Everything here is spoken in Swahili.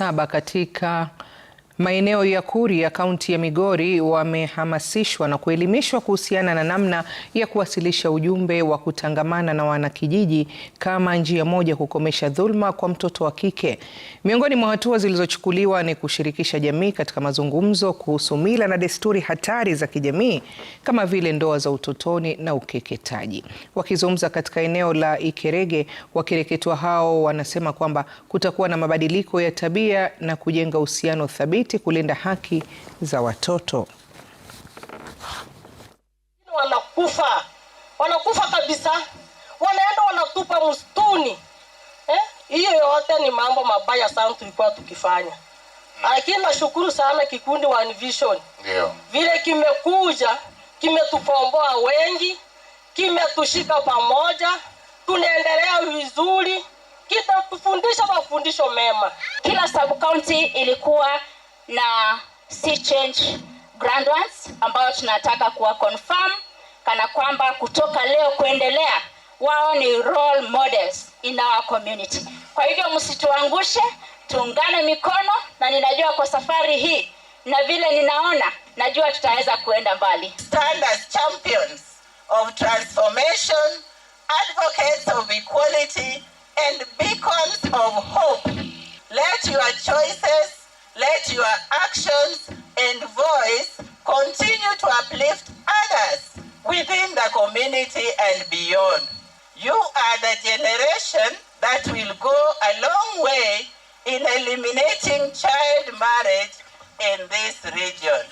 saba katika Maeneo ya Kuria ya kaunti ya Migori wamehamasishwa na kuelimishwa kuhusiana na namna ya kuwasilisha ujumbe wa kutangamana na wanakijiji kama njia moja kukomesha dhuluma kwa mtoto wa kike. Miongoni mwa hatua zilizochukuliwa ni kushirikisha jamii katika mazungumzo kuhusu mila na desturi hatari za kijamii kama vile ndoa za utotoni na ukeketaji. Wakizungumza katika eneo la Ikerege, wakereketwa hao wanasema kwamba kutakuwa na mabadiliko ya tabia na kujenga uhusiano thabiti kujizatiti kulinda haki za watoto. Wanakufa, wanakufa kabisa, wanaenda wanatupa mstuni eh? Hiyo eh, yote ni mambo mabaya sana tulikuwa tukifanya, lakini nashukuru sana kikundi One Vision yeah, vile kimekuja kimetukomboa wengi, kimetushika pamoja, tunaendelea vizuri, kitatufundisha mafundisho mema. Kila sub county ilikuwa na sea change grand ones ambao tunataka kuwa confirm kana kwamba kutoka leo kuendelea wao ni role models in our community. Kwa hivyo msituangushe, tuungane mikono, na ninajua kwa safari hii na vile ninaona, najua tutaweza kuenda mbali. Stand as champions of transformation, advocates of equality and beacons of hope. Let your choices Let your actions and voice continue to uplift others within the community and beyond. You are the generation that will go a long way in eliminating child marriage in this region.